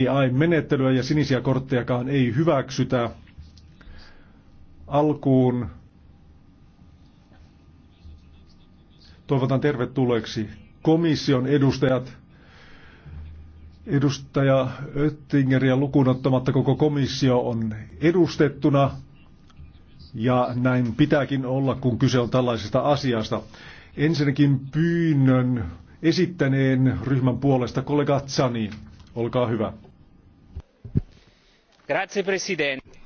AI-menettelyä ja sinisiä korttejakaan ei hyväksytä. Alkuun toivotan tervetulleeksi komission edustajat. Edustaja Öttinger ja ottamatta koko komissio on edustettuna ja näin pitääkin olla, kun kyse on tällaisesta asiasta. Ensinnäkin pyynnön esittäneen ryhmän puolesta kollega Zani, Olkaa hyvä.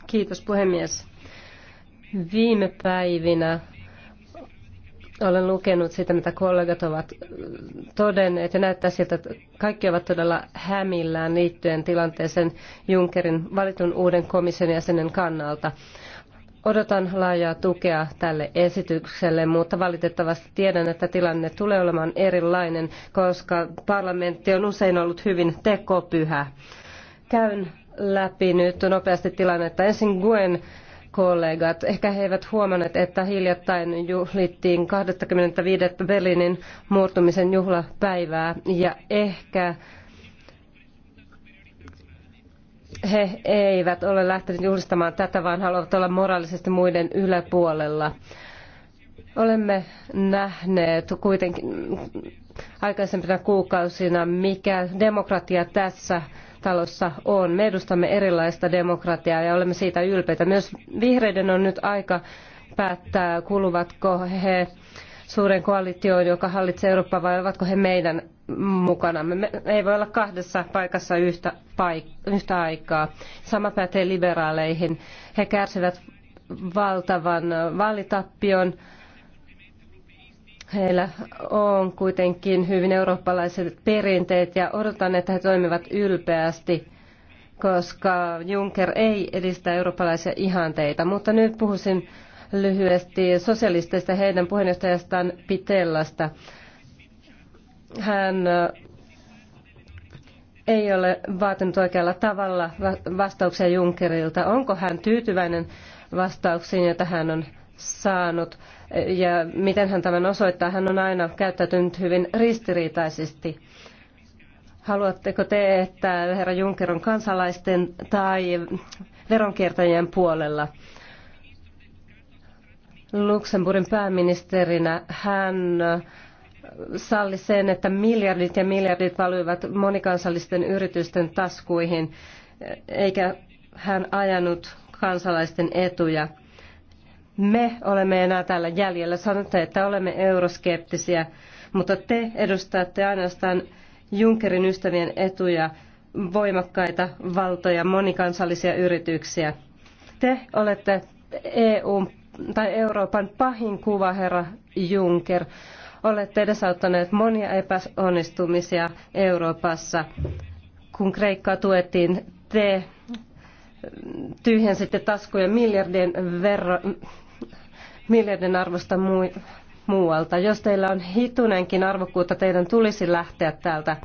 Kiitos puhemies. Viime päivinä olen lukenut sitä, mitä kollegat ovat todenneet, ja näyttää siltä, että kaikki ovat todella hämillään liittyen tilanteeseen Junckerin valitun uuden komission jäsenen kannalta. Odotan laajaa tukea tälle esitykselle, mutta valitettavasti tiedän, että tilanne tulee olemaan erilainen, koska parlamentti on usein ollut hyvin tekopyhä. Käyn läpi nyt nopeasti tilannetta. Ensin Guen kollegat. Ehkä he eivät huomanneet, että hiljattain juhlittiin 25. Berliinin murtumisen juhlapäivää ja ehkä he eivät ole lähteneet juhlistamaan tätä, vaan haluavat olla moraalisesti muiden yläpuolella. Olemme nähneet kuitenkin aikaisempina kuukausina, mikä demokratia tässä talossa on. Me edustamme erilaista demokratiaa ja olemme siitä ylpeitä. Myös vihreiden on nyt aika päättää, kuuluvatko he suuren koalitioon, joka hallitsee Eurooppaa, vai ovatko he meidän mukanamme. Me ei voi olla kahdessa paikassa yhtä, paik- yhtä aikaa. Sama pätee liberaaleihin. He kärsivät valtavan vaalitappion Heillä on kuitenkin hyvin eurooppalaiset perinteet ja odotan, että he toimivat ylpeästi, koska Juncker ei edistä eurooppalaisia ihanteita. Mutta nyt puhuisin lyhyesti sosialisteista heidän puheenjohtajastaan Pitellasta. Hän ei ole vaatinut oikealla tavalla vastauksia Junckerilta. Onko hän tyytyväinen vastauksiin, joita hän on saanut? Ja miten hän tämän osoittaa, hän on aina käyttäytynyt hyvin ristiriitaisesti. Haluatteko te, että herra Juncker on kansalaisten tai veronkiertäjien puolella? Luxemburgin pääministerinä hän salli sen, että miljardit ja miljardit valuivat monikansallisten yritysten taskuihin, eikä hän ajanut kansalaisten etuja me olemme enää täällä jäljellä. Sanotte, että olemme euroskeptisiä, mutta te edustatte ainoastaan Junckerin ystävien etuja, voimakkaita valtoja, monikansallisia yrityksiä. Te olette n tai Euroopan pahin kuva, herra Juncker. Olette edesauttaneet monia epäonnistumisia Euroopassa. Kun Kreikkaa tuettiin, te tyhjensitte taskuja miljardien verran, miljardin arvosta mu- muualta. Jos teillä on hitunenkin arvokkuutta, teidän tulisi lähteä täältä.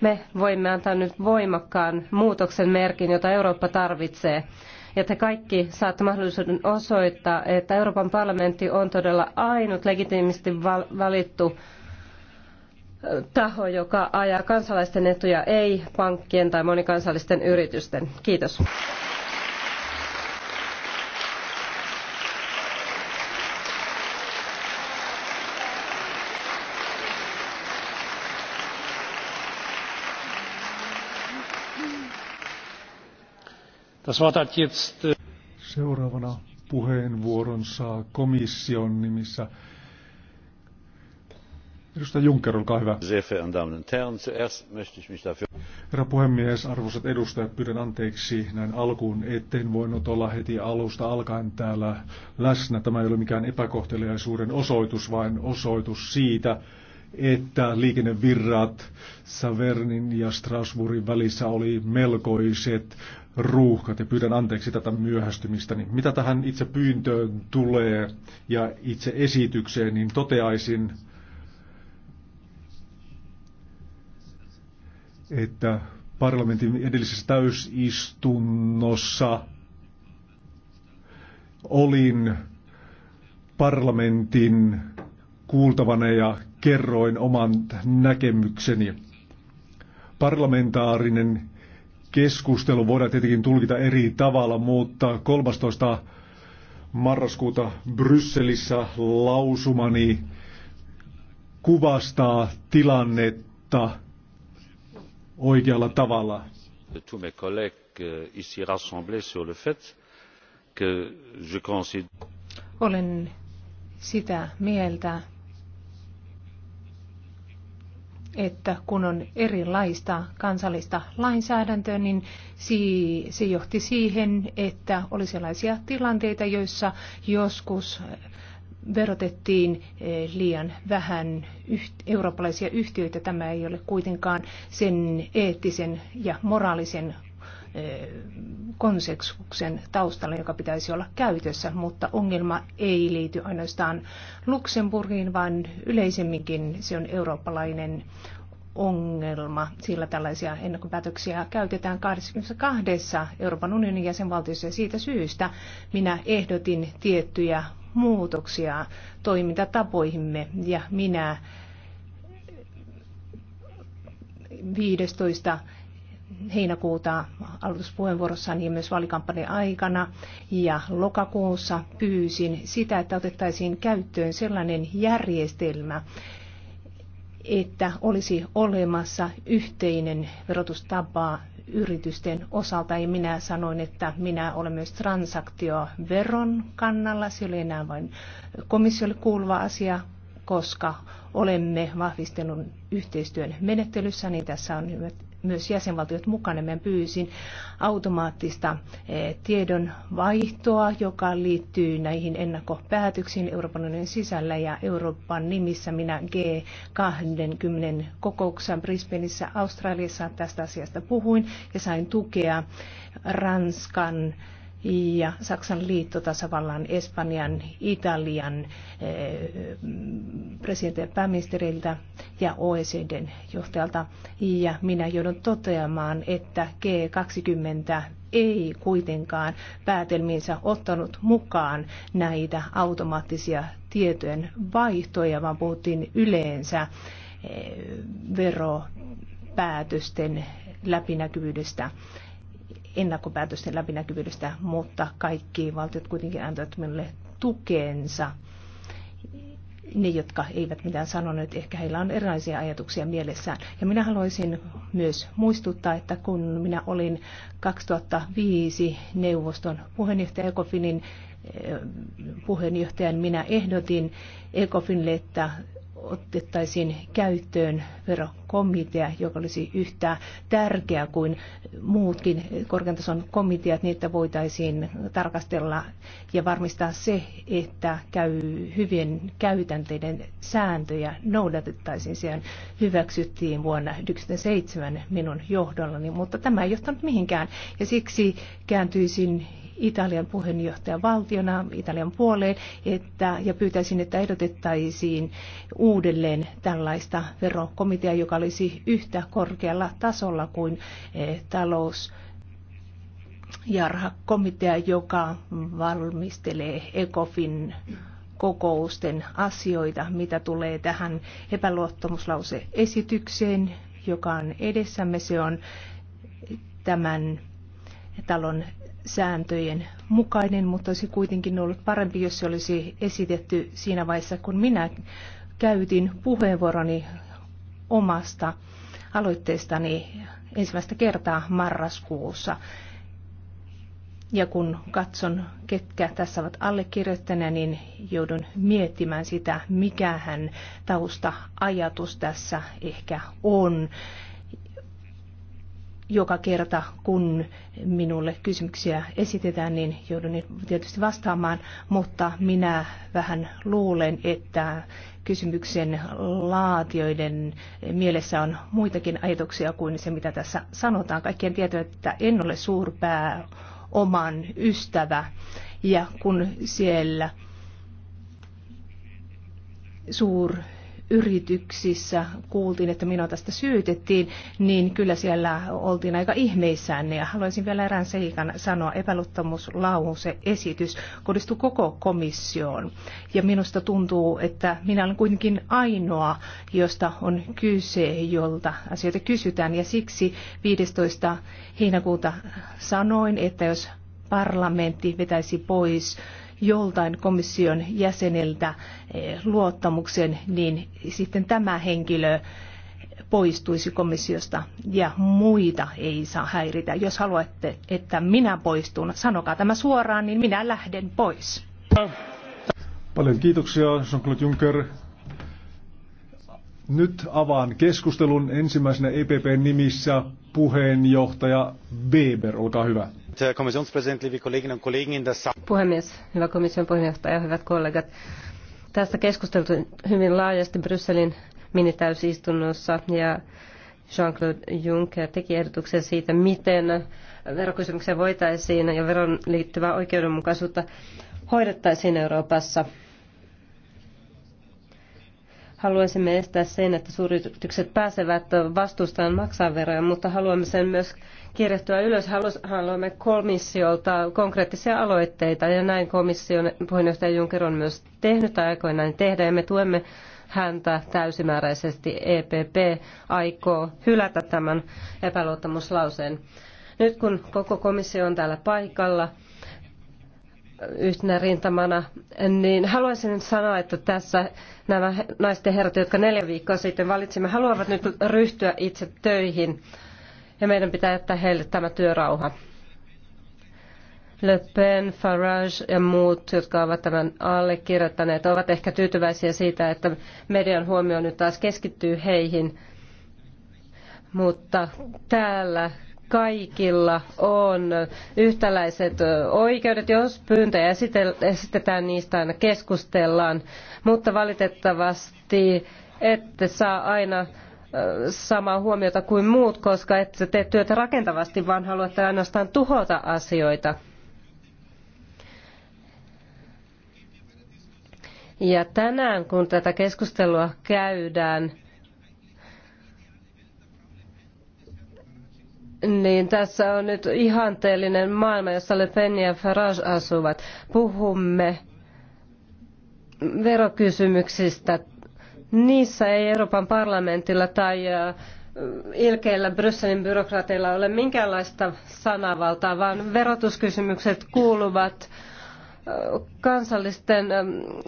Me voimme antaa nyt voimakkaan muutoksen merkin, jota Eurooppa tarvitsee. Ja te kaikki saatte mahdollisuuden osoittaa, että Euroopan parlamentti on todella ainut legitiimisti val- valittu taho, joka ajaa kansalaisten etuja, ei pankkien tai monikansallisten yritysten. Kiitos. Äh, Seuraavana puheenvuoron saa komission nimissä Edustaja Juncker, olkaa hyvä. Herra puhemies, arvoisat edustajat, pyydän anteeksi näin alkuun, etten voinut olla heti alusta alkaen täällä läsnä. Tämä ei ole mikään epäkohteliaisuuden osoitus, vaan osoitus siitä, että liikennevirrat Savernin ja Strasbourgin välissä oli melkoiset ruuhkat ja pyydän anteeksi tätä myöhästymistä. Niin mitä tähän itse pyyntöön tulee ja itse esitykseen, niin toteaisin, että parlamentin edellisessä täysistunnossa olin parlamentin kuultavana ja kerroin oman näkemykseni. Parlamentaarinen keskustelu voidaan tietenkin tulkita eri tavalla, mutta 13. marraskuuta Brysselissä lausumani kuvastaa tilannetta oikealla tavalla. Euh, Olen sitä mieltä, että kun on erilaista kansallista lainsäädäntöä, niin se johti siihen, että oli sellaisia tilanteita, joissa joskus verotettiin eh, liian vähän eurooppalaisia yhtiöitä. Tämä ei ole kuitenkaan sen eettisen ja moraalisen konseksuksen taustalla, joka pitäisi olla käytössä, mutta ongelma ei liity ainoastaan Luxemburgiin, vaan yleisemminkin se on eurooppalainen ongelma, sillä tällaisia ennakkopäätöksiä käytetään 22 Euroopan unionin jäsenvaltiossa ja siitä syystä minä ehdotin tiettyjä muutoksia toimintatapoihimme ja minä 15 heinäkuuta aloituspuheenvuorossani ja myös vaalikampanjan aikana ja lokakuussa pyysin sitä, että otettaisiin käyttöön sellainen järjestelmä, että olisi olemassa yhteinen verotustapa yritysten osalta. Ja minä sanoin, että minä olen myös transaktioveron kannalla. Se oli enää vain komissiolle kuuluva asia, koska olemme vahvistelun yhteistyön menettelyssä, niin tässä on myös jäsenvaltiot mukana. Meidän pyysin automaattista eh, tiedon vaihtoa, joka liittyy näihin ennakkopäätöksiin Euroopan unionin sisällä ja Euroopan nimissä minä G20 kokouksessa Brisbaneissa Australiassa tästä asiasta puhuin ja sain tukea Ranskan ja Saksan liittotasavallan, Espanjan, Italian eh, presidentin ja pääministeriltä ja OECDn johtajalta. Ja minä joudun toteamaan, että G20 ei kuitenkaan päätelmiinsä ottanut mukaan näitä automaattisia tietojen vaihtoja, vaan puhuttiin yleensä eh, veropäätösten läpinäkyvyydestä ennakkopäätösten läpinäkyvyydestä, mutta kaikki valtiot kuitenkin antoivat minulle tukeensa. Ne, jotka eivät mitään sanoneet, ehkä heillä on erilaisia ajatuksia mielessään. Ja minä haluaisin myös muistuttaa, että kun minä olin 2005 neuvoston puheenjohtaja Ekofinin eh, puheenjohtajan, minä ehdotin Ekofinille, että otettaisiin käyttöön verokomitea, joka olisi yhtä tärkeä kuin muutkin korkean tason komiteat, niin että voitaisiin tarkastella ja varmistaa se, että käy hyvien käytänteiden sääntöjä noudatettaisiin. siihen hyväksyttiin vuonna 1997 minun johdollani, mutta tämä ei johtanut mihinkään. Ja siksi kääntyisin Italian puheenjohtajan valtiona Italian puoleen että, ja pyytäisin, että ehdotettaisiin uudelleen tällaista verokomitea, joka olisi yhtä korkealla tasolla kuin eh, talous komitea, joka valmistelee ECOFIN kokousten asioita, mitä tulee tähän epäluottamuslauseesitykseen, joka on edessämme. Se on tämän talon sääntöjen mukainen, mutta olisi kuitenkin ollut parempi, jos se olisi esitetty siinä vaiheessa, kun minä käytin puheenvuoroni omasta aloitteestani ensimmäistä kertaa marraskuussa. Ja kun katson, ketkä tässä ovat allekirjoittaneet, niin joudun miettimään sitä, mikähän tausta-ajatus tässä ehkä on joka kerta, kun minulle kysymyksiä esitetään, niin joudun tietysti vastaamaan, mutta minä vähän luulen, että kysymyksen laatioiden mielessä on muitakin ajatuksia kuin se, mitä tässä sanotaan. Kaikkien tietää, että en ole suurpää oman ystävä, ja kun siellä suur yrityksissä kuultiin, että minua tästä syytettiin, niin kyllä siellä oltiin aika ihmeissään. Ja haluaisin vielä erään seikan sanoa, epäluottamuslause esitys kohdistui koko komissioon. Ja minusta tuntuu, että minä olen kuitenkin ainoa, josta on kyse, jolta asioita kysytään. Ja siksi 15. heinäkuuta sanoin, että jos parlamentti vetäisi pois joltain komission jäseneltä eh, luottamuksen, niin sitten tämä henkilö poistuisi komissiosta ja muita ei saa häiritä. Jos haluatte, että minä poistun, sanokaa tämä suoraan, niin minä lähden pois. Paljon kiitoksia, Jean-Claude Juncker. Nyt avaan keskustelun ensimmäisenä EPP nimissä puheenjohtaja Weber, olkaa hyvä. Äh, puhemies hyvä komission puheenjohtaja hyvät kollegat tästä keskusteltiin hyvin laajasti brysselin minitäysistunnossa ja jean claude juncker teki ehdotuksen siitä miten verokysymyksiä voitaisiin ja veroon liittyvää oikeudenmukaisuutta hoidettaisiin euroopassa. haluaisimme estää sen että suuryritykset pääsevät vastuustaan maksaa veroja mutta haluamme sen myös kirjattua ylös. Haluamme komissiolta konkreettisia aloitteita ja näin komission puheenjohtaja Juncker on myös tehnyt aikoinaan tehdä ja me tuemme häntä täysimääräisesti. EPP aikoo hylätä tämän epäluottamuslauseen. Nyt kun koko komissio on täällä paikalla yhtenä rintamana, niin haluaisin sanoa, että tässä nämä naisten herrat, jotka neljä viikkoa sitten valitsimme, haluavat nyt ryhtyä itse töihin ja meidän pitää jättää heille tämä työrauha. Le Pen, Farage ja muut, jotka ovat tämän allekirjoittaneet, ovat ehkä tyytyväisiä siitä, että median huomio nyt taas keskittyy heihin. Mutta täällä kaikilla on yhtäläiset oikeudet, jos pyyntöjä esitetään, niistä aina keskustellaan. Mutta valitettavasti ette saa aina samaa huomiota kuin muut, koska ette tee työtä rakentavasti, vaan haluatte ainoastaan tuhota asioita. Ja tänään, kun tätä keskustelua käydään, Niin, tässä on nyt ihanteellinen maailma, jossa Le Pen ja Farage asuvat. Puhumme verokysymyksistä Niissä ei Euroopan parlamentilla tai ilkeillä Brysselin byrokraateilla ole minkäänlaista sanavaltaa, vaan verotuskysymykset kuuluvat kansallisten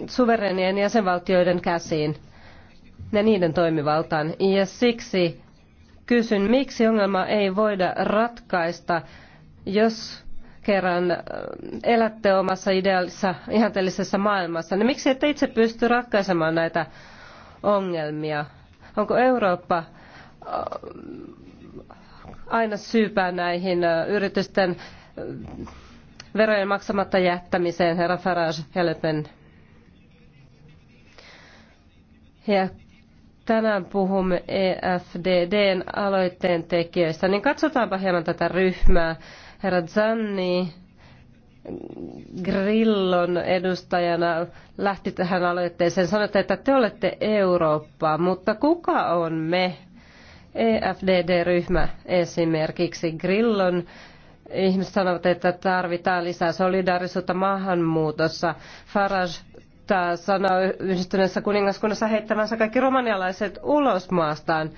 suverenien jäsenvaltioiden käsiin ja niiden toimivaltaan. Ja siksi kysyn, miksi ongelma ei voida ratkaista, jos kerran elätte omassa ideaalisessa ihanteellisessa maailmassa, niin miksi ette itse pysty ratkaisemaan näitä ongelmia. Onko Eurooppa aina syypää näihin yritysten verojen maksamatta jättämiseen, herra Farage Helpen? Ja tänään puhumme EFDDn aloitteen tekijöistä, niin katsotaanpa hieman tätä ryhmää. Herra Zanni, Grillon edustajana lähti tähän aloitteeseen. Sanoitte, että te olette Eurooppaa, mutta kuka on me? EFDD-ryhmä esimerkiksi Grillon ihmiset sanovat, että tarvitaan lisää solidaarisuutta maahanmuutossa. Farage taas sanoi yhdistyneessä kuningaskunnassa heittämänsä kaikki romanialaiset ulos maastaan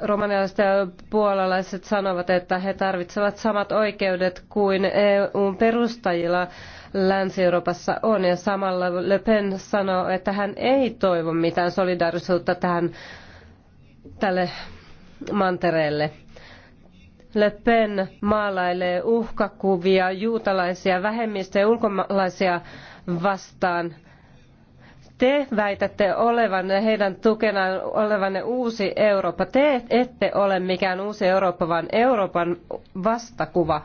romanialaiset ja puolalaiset sanovat, että he tarvitsevat samat oikeudet kuin EUn perustajilla Länsi-Euroopassa on. Ja samalla Le Pen sanoo, että hän ei toivo mitään solidaarisuutta tähän, tälle mantereelle. Le Pen maalailee uhkakuvia juutalaisia vähemmistöjä ja ulkomaalaisia vastaan – te väitätte olevanne heidän tukenaan olevanne uusi Eurooppa. Te ette ole mikään uusi Eurooppa, vaan Euroopan vastakuva.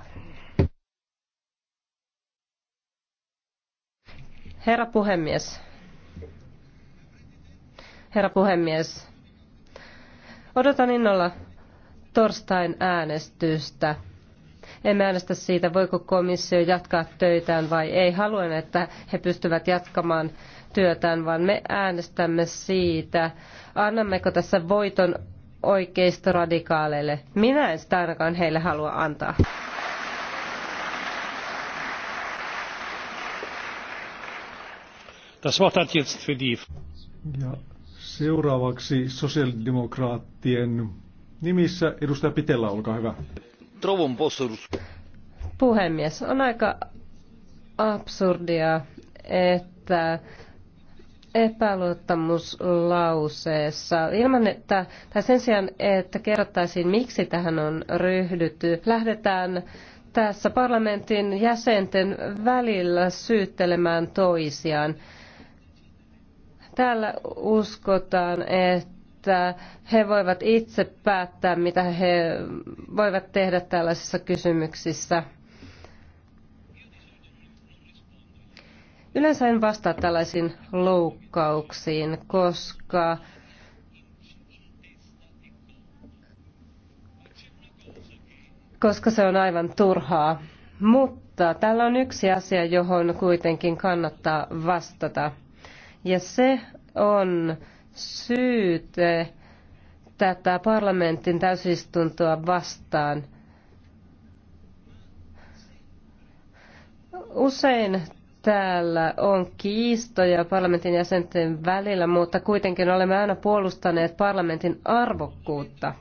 Herra puhemies. Herra puhemies. Odotan innolla torstain äänestystä. Emme äänestä siitä, voiko komissio jatkaa töitään vai ei. Haluan, että he pystyvät jatkamaan työtään, vaan me äänestämme siitä, annammeko tässä voiton oikeistoradikaaleille. Minä en sitä ainakaan heille halua antaa. Das Wort hat jetzt für die... Ja seuraavaksi sosiaalidemokraattien nimissä edustaja Pitellä, olkaa hyvä. Trovon posturus. Puhemies, on aika absurdia, että epäluottamuslauseessa, ilman että, tai sen sijaan, että kerrottaisiin, miksi tähän on ryhdytty, lähdetään tässä parlamentin jäsenten välillä syyttelemään toisiaan. Täällä uskotaan, että he voivat itse päättää, mitä he voivat tehdä tällaisissa kysymyksissä. Yleensä en vastaa tällaisiin loukkauksiin, koska koska se on aivan turhaa. Mutta täällä on yksi asia, johon kuitenkin kannattaa vastata. Ja se on syyte tätä parlamentin täysistuntoa vastaan. Usein täällä on kiistoja parlamentin jäsenten välillä, mutta kuitenkin olemme aina puolustaneet parlamentin arvokkuutta.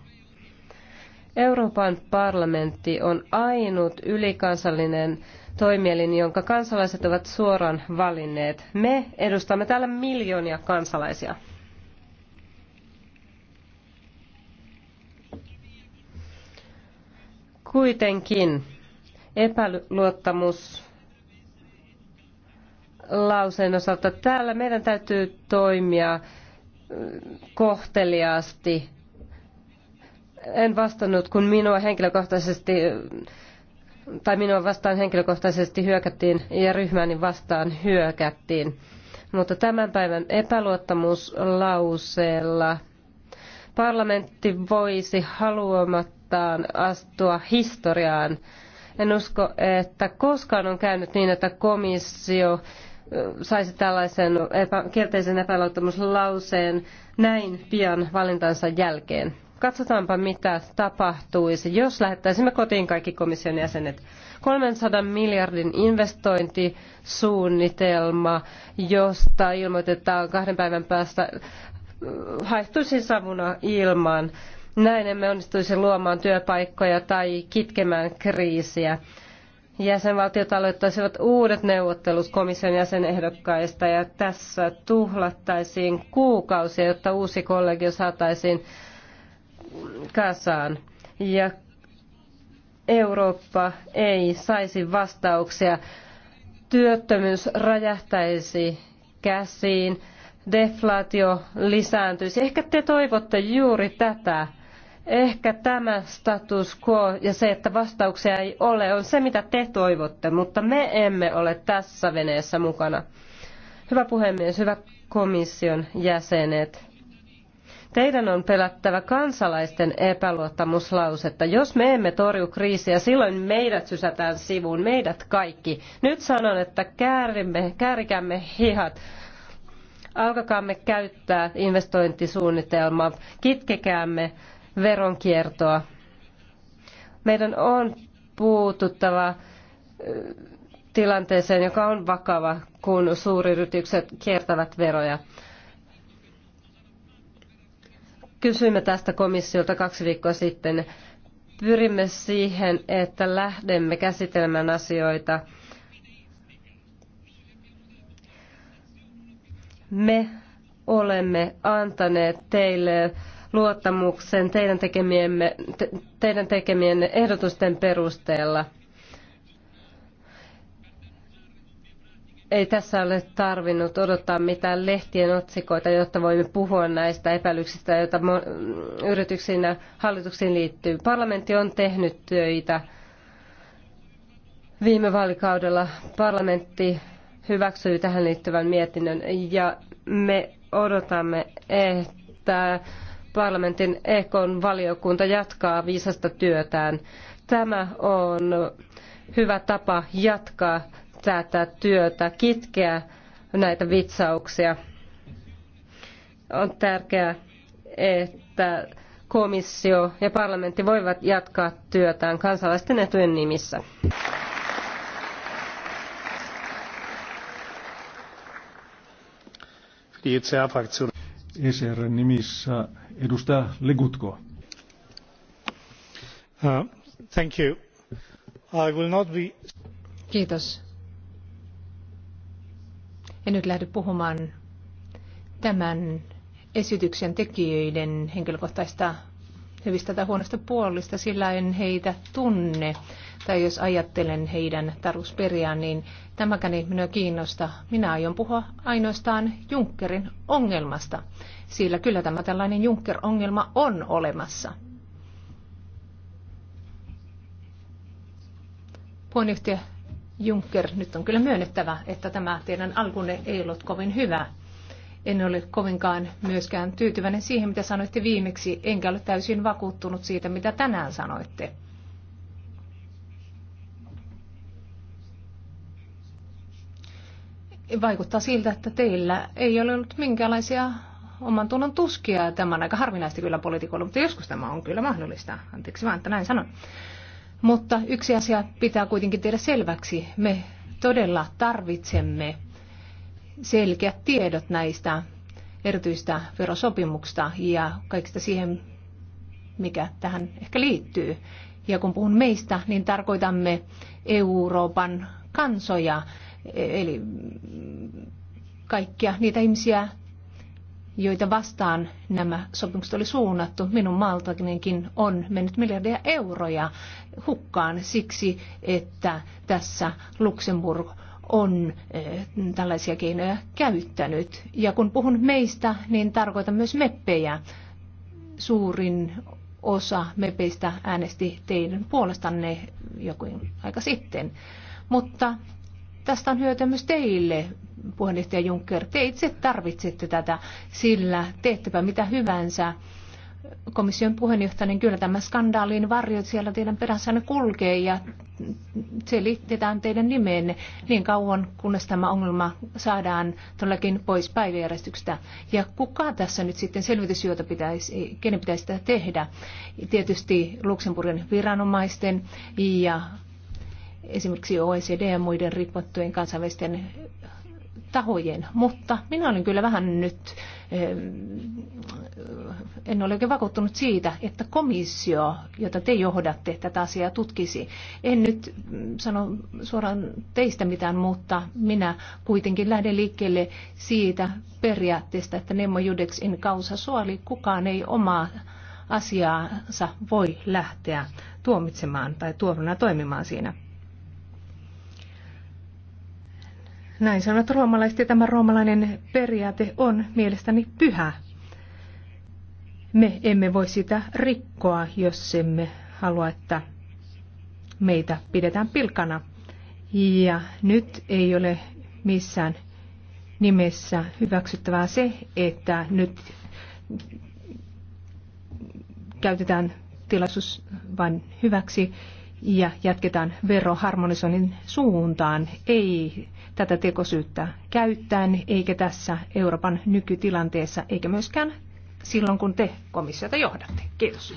Euroopan parlamentti on ainut ylikansallinen toimielin, jonka kansalaiset ovat suoraan valinneet. Me edustamme täällä miljoonia kansalaisia. Kuitenkin epäluottamus lauseen osalta täällä meidän täytyy toimia kohteliaasti. En vastannut, kun minua henkilökohtaisesti tai minua vastaan henkilökohtaisesti hyökättiin ja ryhmäni vastaan hyökättiin. Mutta tämän päivän epäluottamuslauseella parlamentti voisi haluamattaan astua historiaan. En usko, että koskaan on käynyt niin, että komissio saisi tällaisen epä, kielteisen epäluottamuslauseen näin pian valintansa jälkeen. Katsotaanpa, mitä tapahtuisi, jos lähettäisimme kotiin kaikki komission jäsenet. 300 miljardin investointisuunnitelma, josta ilmoitetaan kahden päivän päästä, äh, haehtuisi savuna ilmaan. Näin emme onnistuisi luomaan työpaikkoja tai kitkemään kriisiä jäsenvaltiot aloittaisivat uudet neuvottelut komission jäsenehdokkaista ja tässä tuhlattaisiin kuukausia, jotta uusi kollegio saataisiin kasaan. Ja Eurooppa ei saisi vastauksia. Työttömyys räjähtäisi käsiin, deflaatio lisääntyisi. Ehkä te toivotte juuri tätä. Ehkä tämä status quo ja se, että vastauksia ei ole, on se, mitä te toivotte, mutta me emme ole tässä veneessä mukana. Hyvä puhemies, hyvät komission jäsenet. Teidän on pelättävä kansalaisten epäluottamuslausetta. Jos me emme torju kriisiä, silloin meidät sysätään sivuun, meidät kaikki. Nyt sanon, että käärimme, käärikämme hihat. Alkakaamme käyttää investointisuunnitelmaa, kitkekäämme veronkiertoa. Meidän on puututtava tilanteeseen, joka on vakava, kun suuryritykset kiertävät veroja. Kysyimme tästä komissiolta kaksi viikkoa sitten. Pyrimme siihen, että lähdemme käsittelemään asioita me olemme antaneet teille luottamuksen teidän, tekemiemme, te, teidän tekemienne ehdotusten perusteella. Ei tässä ole tarvinnut odottaa mitään lehtien otsikoita, jotta voimme puhua näistä epäilyksistä, joita yrityksiin ja hallituksiin liittyy. Parlamentti on tehnyt töitä. Viime vaalikaudella parlamentti hyväksyi tähän liittyvän mietinnön ja me odotamme, että parlamentin EKn valiokunta jatkaa viisasta työtään. Tämä on hyvä tapa jatkaa tätä työtä, kitkeä näitä vitsauksia. On tärkeää, että komissio ja parlamentti voivat jatkaa työtään kansalaisten etujen nimissä. Die ECRn nimissä edustaja Legutko. Uh, thank you. I will not be... Kiitos. En nyt lähde puhumaan tämän esityksen tekijöiden henkilökohtaista hyvistä tai huonoista puolista, sillä en heitä tunne tai jos ajattelen heidän tarusperiaan, niin tämäkään ei minua kiinnosta. Minä aion puhua ainoastaan Junckerin ongelmasta, sillä kyllä tämä tällainen Juncker-ongelma on olemassa. Puheenjohtaja Juncker, nyt on kyllä myönnettävä, että tämä teidän alkunne ei ollut kovin hyvä. En ole kovinkaan myöskään tyytyväinen siihen, mitä sanoitte viimeksi, enkä ole täysin vakuuttunut siitä, mitä tänään sanoitte. vaikuttaa siltä, että teillä ei ole ollut minkäänlaisia oman tunnon tuskia. Tämä on aika harvinaista kyllä poliitikoilla, mutta joskus tämä on kyllä mahdollista. Anteeksi vaan, että näin sanon. Mutta yksi asia pitää kuitenkin tehdä selväksi. Me todella tarvitsemme selkeät tiedot näistä erityistä verosopimuksista ja kaikista siihen, mikä tähän ehkä liittyy. Ja kun puhun meistä, niin tarkoitamme Euroopan kansoja, eli kaikkia niitä ihmisiä, joita vastaan nämä sopimukset oli suunnattu. Minun maaltakinenkin on mennyt miljardia euroja hukkaan siksi, että tässä Luxemburg on eh, tällaisia keinoja käyttänyt. Ja kun puhun meistä, niin tarkoitan myös meppejä. Suurin osa mepeistä äänesti teidän puolestanne joku aika sitten. Mutta Tästä on hyötyä myös teille, puheenjohtaja Juncker. Te itse tarvitsette tätä, sillä teettepä mitä hyvänsä komission puheenjohtaja, niin kyllä tämä skandaalin varjot siellä teidän perässänne kulkee ja se liitetään teidän nimeenne niin kauan, kunnes tämä ongelma saadaan todellakin pois päiväjärjestyksestä. Ja kuka tässä nyt sitten selvitysjuota pitäisi, kenen pitäisi sitä tehdä? Tietysti Luxemburgin viranomaisten ja esimerkiksi OECD ja muiden riippumattujen kansainvälisten tahojen, mutta minä olen kyllä vähän nyt, eh, en ole oikein vakuuttunut siitä, että komissio, jota te johdatte, tätä asiaa tutkisi. En nyt sano suoraan teistä mitään, mutta minä kuitenkin lähden liikkeelle siitä periaatteesta, että Nemo Judex in causa suoli, kukaan ei omaa asiaansa voi lähteä tuomitsemaan tai tuomina toimimaan siinä. Näin sanot roomalaiset ja tämä roomalainen periaate on mielestäni pyhä. Me emme voi sitä rikkoa, jos emme halua, että meitä pidetään pilkana. Ja nyt ei ole missään nimessä hyväksyttävää se, että nyt käytetään tilaisuus vain hyväksi ja jatketaan veroharmonisoinnin suuntaan. Ei tätä tekosyyttä käyttäen, eikä tässä Euroopan nykytilanteessa, eikä myöskään silloin, kun te komissiota johdatte. Kiitos.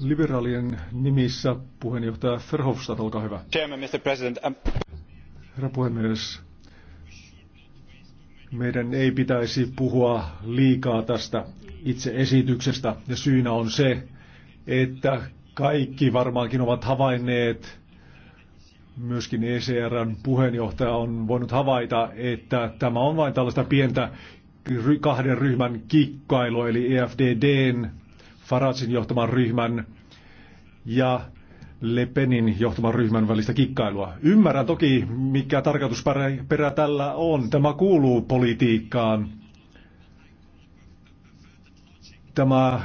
Liberaalien nimissä puheenjohtaja Verhofstadt, olkaa hyvä. Chairman, Mr. President, um- Herra puhemies, meidän ei pitäisi puhua liikaa tästä itse esityksestä ja syynä on se, että kaikki varmaankin ovat havainneet, myöskin ECRn puheenjohtaja on voinut havaita, että tämä on vain tällaista pientä kahden ryhmän kikkailu, eli EFDDn, Farazin johtaman ryhmän ja Le Penin johtaman ryhmän välistä kikkailua. Ymmärrän toki, mikä tarkoitusperä tällä on. Tämä kuuluu politiikkaan. Tämä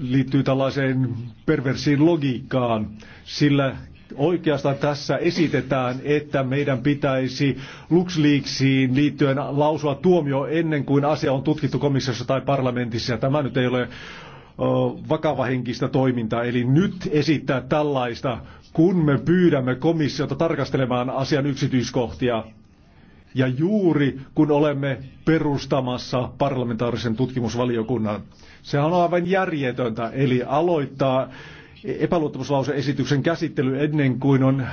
liittyy tällaiseen perversiin logiikkaan, sillä oikeastaan tässä esitetään, että meidän pitäisi LuxLeaksiin liittyen lausua tuomio ennen kuin asia on tutkittu komissiossa tai parlamentissa. Ja tämä nyt ei ole vakavahenkistä toimintaa. Eli nyt esittää tällaista, kun me pyydämme komissiota tarkastelemaan asian yksityiskohtia ja juuri kun olemme perustamassa parlamentaarisen tutkimusvaliokunnan. Sehän on aivan järjetöntä, eli aloittaa esityksen käsittely ennen kuin on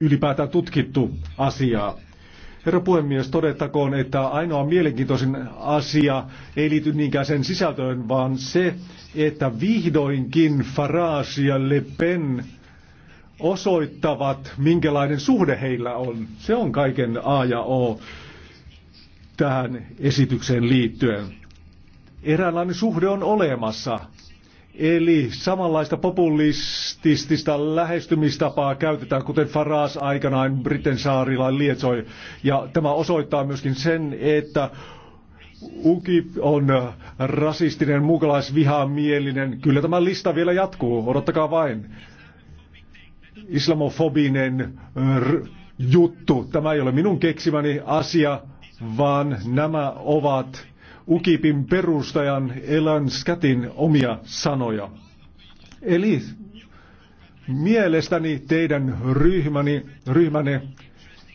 ylipäätään tutkittu asiaa. Herra puhemies, todettakoon, että ainoa mielenkiintoisin asia ei liity niinkään sen sisältöön, vaan se, että vihdoinkin Farage ja Le Pen osoittavat, minkälainen suhde heillä on. Se on kaiken A ja O tähän esitykseen liittyen. Eräänlainen suhde on olemassa. Eli samanlaista populistista lähestymistapaa käytetään, kuten Farage aikanaan Briten saarilla lietsoi. Ja tämä osoittaa myöskin sen, että UKIP on rasistinen, mukalaisvihamielinen. Kyllä tämä lista vielä jatkuu, odottakaa vain islamofobinen äh, juttu. Tämä ei ole minun keksimäni asia, vaan nämä ovat UKIPin perustajan Elan Skatin omia sanoja. Eli mielestäni teidän ryhmäni, ryhmänne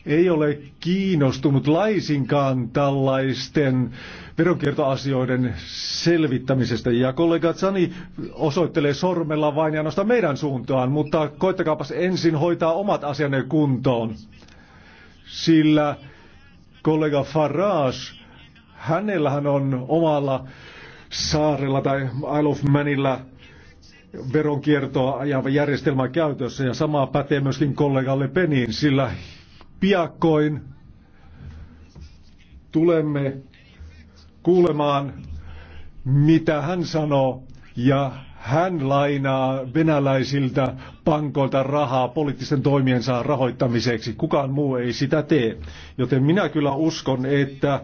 ei ole kiinnostunut laisinkaan tällaisten veronkiertoasioiden selvittämisestä. Ja kollega Zani osoittelee sormella vain ja nostaa meidän suuntaan, mutta koittakaapas ensin hoitaa omat asianne kuntoon. Sillä kollega Farage, hänellähän on omalla saarella tai Isle of Manilla veronkiertoa ajava järjestelmä käytössä ja sama pätee myöskin kollegalle Peniin, sillä piakkoin tulemme kuulemaan, mitä hän sanoo, ja hän lainaa venäläisiltä pankoilta rahaa poliittisten toimiensa rahoittamiseksi. Kukaan muu ei sitä tee. Joten minä kyllä uskon, että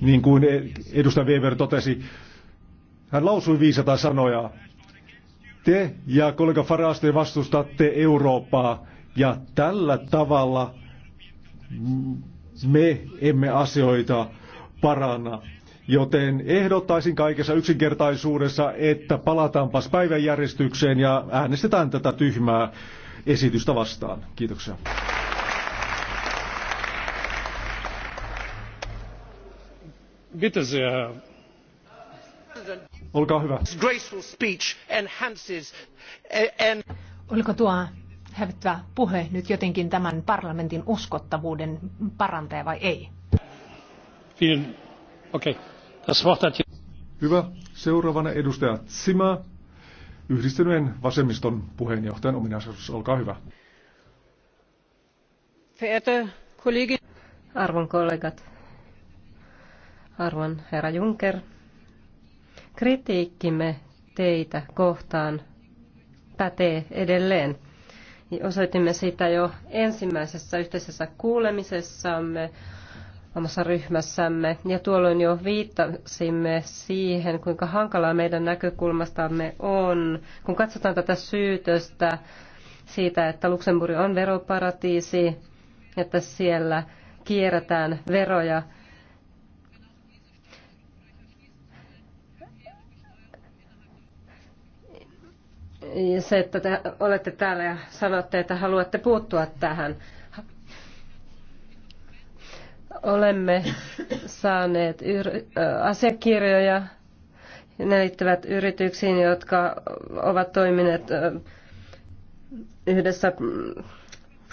niin kuin edustaja Weber totesi, hän lausui 500 sanoja. Te ja kollega Faraste vastustatte Eurooppaa ja tällä tavalla me emme asioita paranna. Joten ehdottaisin kaikessa yksinkertaisuudessa, että palataanpas päiväjärjestykseen ja äänestetään tätä tyhmää esitystä vastaan. Kiitoksia. Bitte sehr. Olkaa hyvä. Eh, Oliko tuo hävittävä puhe nyt jotenkin tämän parlamentin uskottavuuden parantaja vai ei? Okei. Okay. Hyvä. Seuraavana edustaja Tsima, yhdistyneen vasemmiston puheenjohtajan ominaisuus. Olkaa hyvä. Arvon kollegat, arvon herra Juncker, kritiikkimme teitä kohtaan pätee edelleen. Osoitimme sitä jo ensimmäisessä yhteisessä kuulemisessamme omassa ryhmässämme. Ja tuolloin jo viittasimme siihen, kuinka hankalaa meidän näkökulmastamme on, kun katsotaan tätä syytöstä siitä, että Luxemburg on veroparatiisi, että siellä kierretään veroja. Ja se, että te olette täällä ja sanotte, että haluatte puuttua tähän. Olemme saaneet asiakirjoja, ne liittyvät yrityksiin, jotka ovat toimineet yhdessä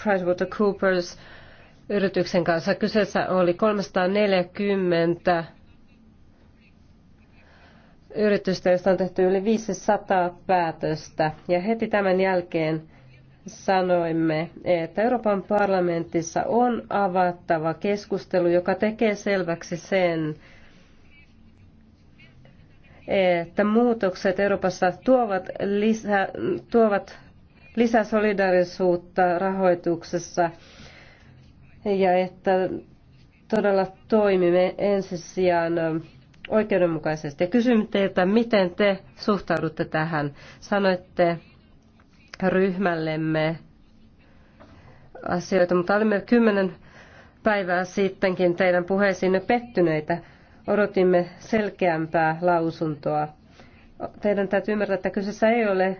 PricewaterCoopers yrityksen kanssa. Kyseessä oli 340 yritystä, joista on tehty yli 500 päätöstä. Ja heti tämän jälkeen sanoimme, että Euroopan parlamentissa on avattava keskustelu, joka tekee selväksi sen, että muutokset Euroopassa tuovat, lisä, tuovat lisää solidarisuutta rahoituksessa ja että todella toimimme ensisijaan oikeudenmukaisesti. Ja kysyn teiltä, miten te suhtaudutte tähän. Sanoitte, ryhmällemme asioita, mutta olimme kymmenen päivää sittenkin teidän puheisiinne pettyneitä. Odotimme selkeämpää lausuntoa. Teidän täytyy ymmärtää, että kyseessä ei ole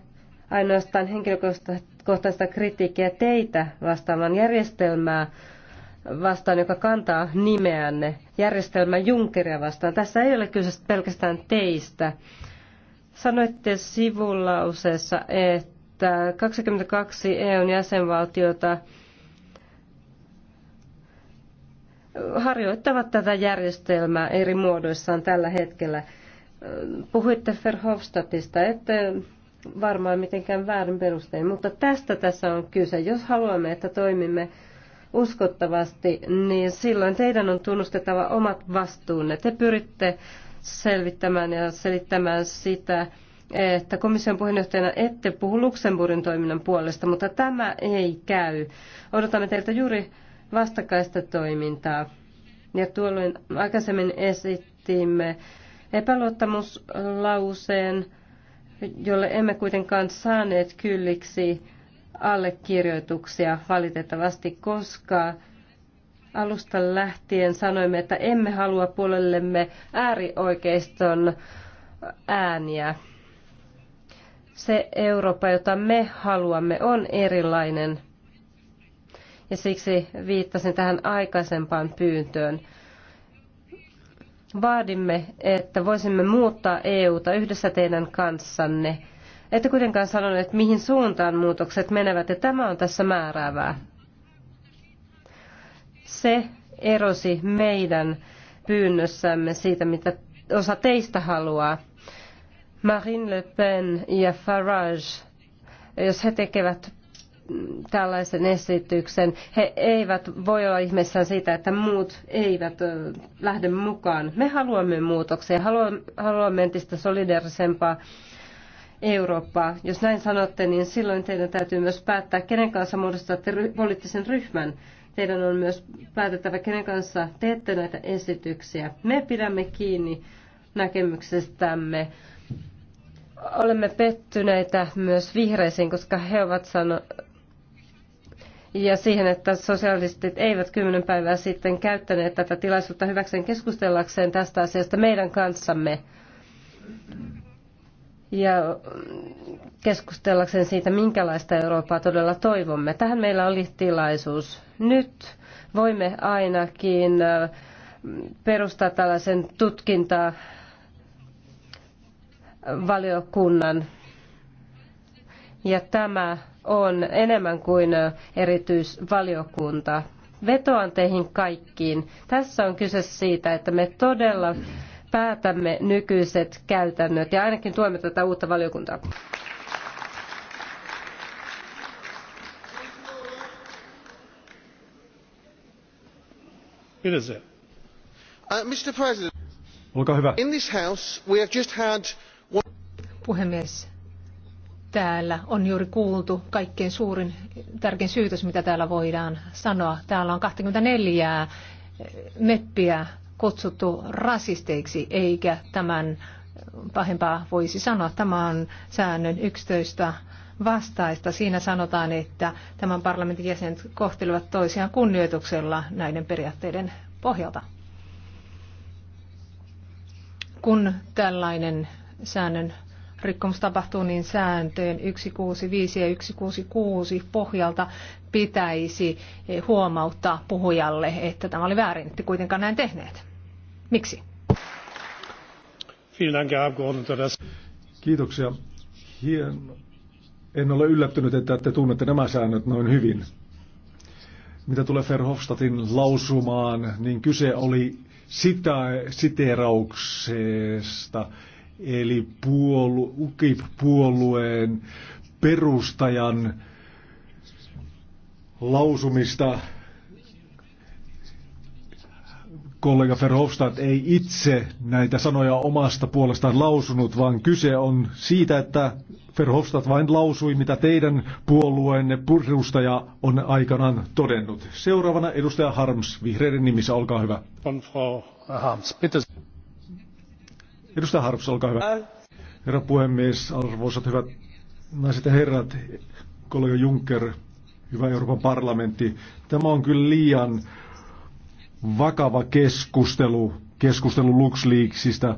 ainoastaan henkilökohtaista kritiikkiä teitä vastaavan järjestelmää vastaan, joka kantaa nimeänne, järjestelmä Junkeria vastaan. Tässä ei ole kyse pelkästään teistä. Sanoitte sivulauseessa, että että 22 EUn jäsenvaltiota harjoittavat tätä järjestelmää eri muodoissaan tällä hetkellä. Puhuitte Verhofstadtista, että varmaan mitenkään väärin perustein, mutta tästä tässä on kyse. Jos haluamme, että toimimme uskottavasti, niin silloin teidän on tunnustettava omat vastuunne. Te pyritte selvittämään ja selittämään sitä, että komission puheenjohtajana ette puhu Luxemburgin toiminnan puolesta, mutta tämä ei käy. Odotamme teiltä juuri vastakkaista toimintaa. Ja tuolloin aikaisemmin esittimme epäluottamuslauseen, jolle emme kuitenkaan saaneet kylliksi allekirjoituksia valitettavasti, koska alusta lähtien sanoimme, että emme halua puolellemme äärioikeiston ääniä. Se Eurooppa, jota me haluamme, on erilainen. Ja siksi viittasin tähän aikaisempaan pyyntöön. Vaadimme, että voisimme muuttaa EUta yhdessä teidän kanssanne. Ette kuitenkaan sanoneet, mihin suuntaan muutokset menevät, ja tämä on tässä määräävää. Se erosi meidän pyynnössämme siitä, mitä osa teistä haluaa. Marine Le Pen ja Farage, jos he tekevät tällaisen esityksen, he eivät voi olla ihmeessään siitä, että muut eivät lähde mukaan. Me haluamme muutoksia, haluamme entistä solidarisempaa Eurooppaa. Jos näin sanotte, niin silloin teidän täytyy myös päättää, kenen kanssa muodostatte ry- poliittisen ryhmän. Teidän on myös päätettävä, kenen kanssa teette näitä esityksiä. Me pidämme kiinni näkemyksestämme Olemme pettyneitä myös vihreisiin, koska he ovat sanoneet, ja siihen, että sosialistit eivät kymmenen päivää sitten käyttäneet tätä tilaisuutta hyväkseen keskustellakseen tästä asiasta meidän kanssamme ja keskustellakseen siitä, minkälaista Eurooppaa todella toivomme. Tähän meillä oli tilaisuus. Nyt voimme ainakin äh, perustaa tällaisen tutkintaa valiokunnan. Ja tämä on enemmän kuin erityisvaliokunta. Vetoan teihin kaikkiin. Tässä on kyse siitä, että me todella päätämme nykyiset käytännöt ja ainakin tuemme tätä uutta valiokuntaa. Uh, Mr. President, Olkaa hyvä. In this house we have just had Puhemies, täällä on juuri kuultu kaikkein suurin, tärkein syytös, mitä täällä voidaan sanoa. Täällä on 24 eh, meppiä kutsuttu rasisteiksi, eikä tämän pahempaa voisi sanoa. Tämä on säännön 11 vastaista. Siinä sanotaan, että tämän parlamentin jäsenet kohtelevat toisiaan kunnioituksella näiden periaatteiden pohjalta. Kun tällainen säännön rikkomus tapahtuu, niin sääntöjen 165 ja 166 pohjalta pitäisi eh, huomauttaa puhujalle, että tämä oli väärin, että kuitenkaan näin tehneet. Miksi? Kiitoksia. Hien... En ole yllättynyt, että te tunnette nämä säännöt noin hyvin. Mitä tulee Verhofstadtin lausumaan, niin kyse oli sitä siteerauksesta, eli puolu, UKIP-puolueen perustajan lausumista kollega Verhofstadt ei itse näitä sanoja omasta puolestaan lausunut, vaan kyse on siitä, että Verhofstadt vain lausui, mitä teidän puolueenne perustaja on aikanaan todennut. Seuraavana edustaja Harms, vihreiden nimissä, olkaa hyvä. Harms, bitte. Edustaja Harps, olkaa hyvä. Herra puhemies, arvoisat hyvät naiset ja herrat, kollega Juncker, hyvä Euroopan parlamentti. Tämä on kyllä liian vakava keskustelu, keskustelu LuxLeaksista,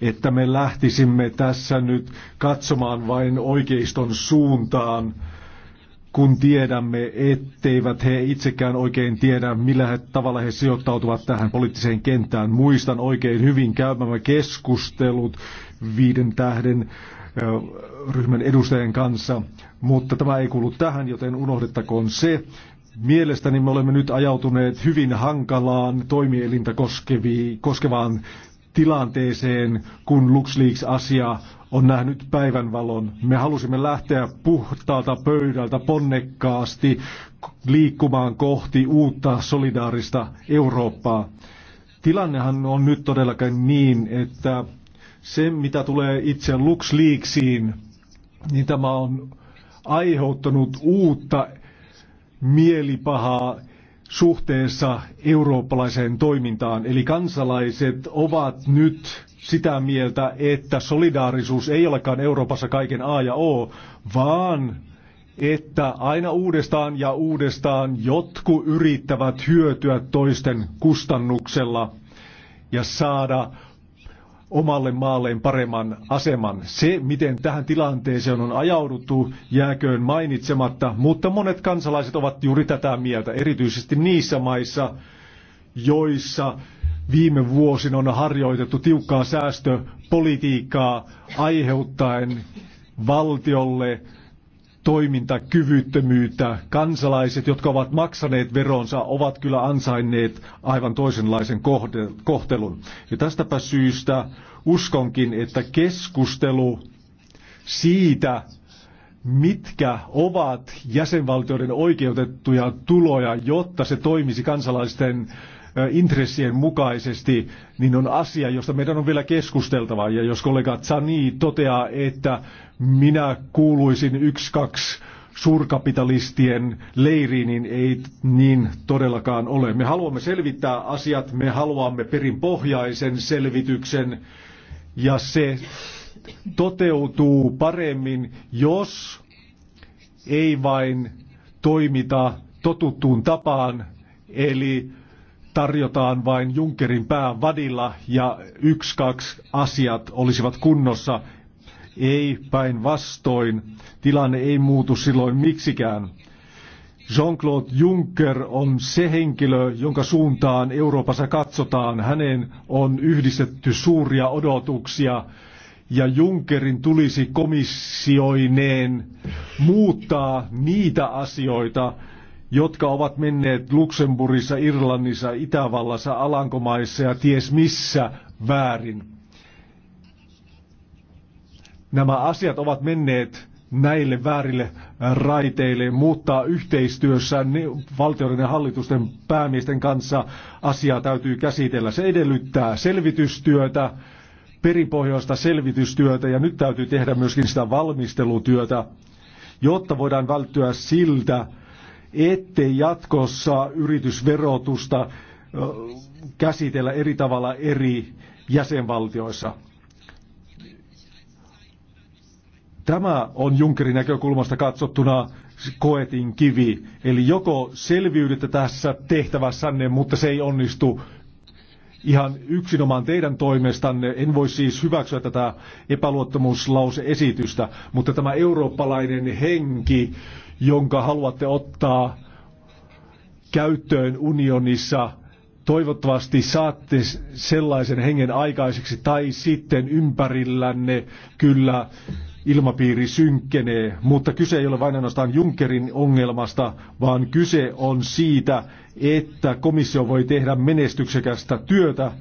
että me lähtisimme tässä nyt katsomaan vain oikeiston suuntaan kun tiedämme, etteivät he itsekään oikein tiedä, millä tavalla he sijoittautuvat tähän poliittiseen kenttään. Muistan oikein hyvin käymämme keskustelut viiden tähden ryhmän edustajien kanssa, mutta tämä ei kuulu tähän, joten unohdettakoon se. Mielestäni me olemme nyt ajautuneet hyvin hankalaan toimielintä koskevaan tilanteeseen, kun LuxLeaks-asia on nähnyt päivänvalon. Me halusimme lähteä puhtaalta pöydältä ponnekkaasti liikkumaan kohti uutta solidaarista Eurooppaa. Tilannehan on nyt todellakin niin, että se mitä tulee itse LuxLeaksiin, niin tämä on aiheuttanut uutta mielipahaa suhteessa eurooppalaiseen toimintaan. Eli kansalaiset ovat nyt sitä mieltä, että solidaarisuus ei olekaan Euroopassa kaiken A ja O, vaan että aina uudestaan ja uudestaan jotkut yrittävät hyötyä toisten kustannuksella ja saada omalle maalleen paremman aseman. Se, miten tähän tilanteeseen on ajauduttu, jääköön mainitsematta, mutta monet kansalaiset ovat juuri tätä mieltä, erityisesti niissä maissa, joissa viime vuosina on harjoitettu tiukkaa säästöpolitiikkaa aiheuttaen valtiolle toimintakyvyttömyyttä. Kansalaiset, jotka ovat maksaneet veronsa, ovat kyllä ansainneet aivan toisenlaisen kohtelun. Ja tästäpä syystä uskonkin, että keskustelu siitä, mitkä ovat jäsenvaltioiden oikeutettuja tuloja, jotta se toimisi kansalaisten intressien mukaisesti, niin on asia, josta meidän on vielä keskusteltava. Ja jos kollega Zani toteaa, että minä kuuluisin yksi, kaksi suurkapitalistien leiriin, niin ei niin todellakaan ole. Me haluamme selvittää asiat, me haluamme perinpohjaisen selvityksen, ja se toteutuu paremmin, jos ei vain toimita totuttuun tapaan, eli tarjotaan vain Junkerin pää vadilla ja yksi, kaksi asiat olisivat kunnossa. Ei päinvastoin. Tilanne ei muutu silloin miksikään. Jean-Claude Juncker on se henkilö, jonka suuntaan Euroopassa katsotaan. Hänen on yhdistetty suuria odotuksia ja Junckerin tulisi komissioineen muuttaa niitä asioita, jotka ovat menneet Luxemburgissa, Irlannissa, Itävallassa, Alankomaissa ja ties missä väärin. Nämä asiat ovat menneet näille väärille äh, raiteille, mutta yhteistyössä valtioiden ja hallitusten päämiesten kanssa asiaa täytyy käsitellä. Se edellyttää selvitystyötä, peripohjoista selvitystyötä ja nyt täytyy tehdä myöskin sitä valmistelutyötä, jotta voidaan välttyä siltä, ettei jatkossa yritysverotusta käsitellä eri tavalla eri jäsenvaltioissa. Tämä on Junckerin näkökulmasta katsottuna koetin kivi. Eli joko selviydytte tässä tehtävässänne, mutta se ei onnistu ihan yksinomaan teidän toimestanne. En voi siis hyväksyä tätä epäluottamuslauseesitystä, mutta tämä eurooppalainen henki, jonka haluatte ottaa käyttöön unionissa, toivottavasti saatte sellaisen hengen aikaiseksi tai sitten ympärillänne kyllä ilmapiiri synkkenee, mutta kyse ei ole vain ainoastaan Junckerin ongelmasta, vaan kyse on siitä, että komissio voi tehdä menestyksekästä työtä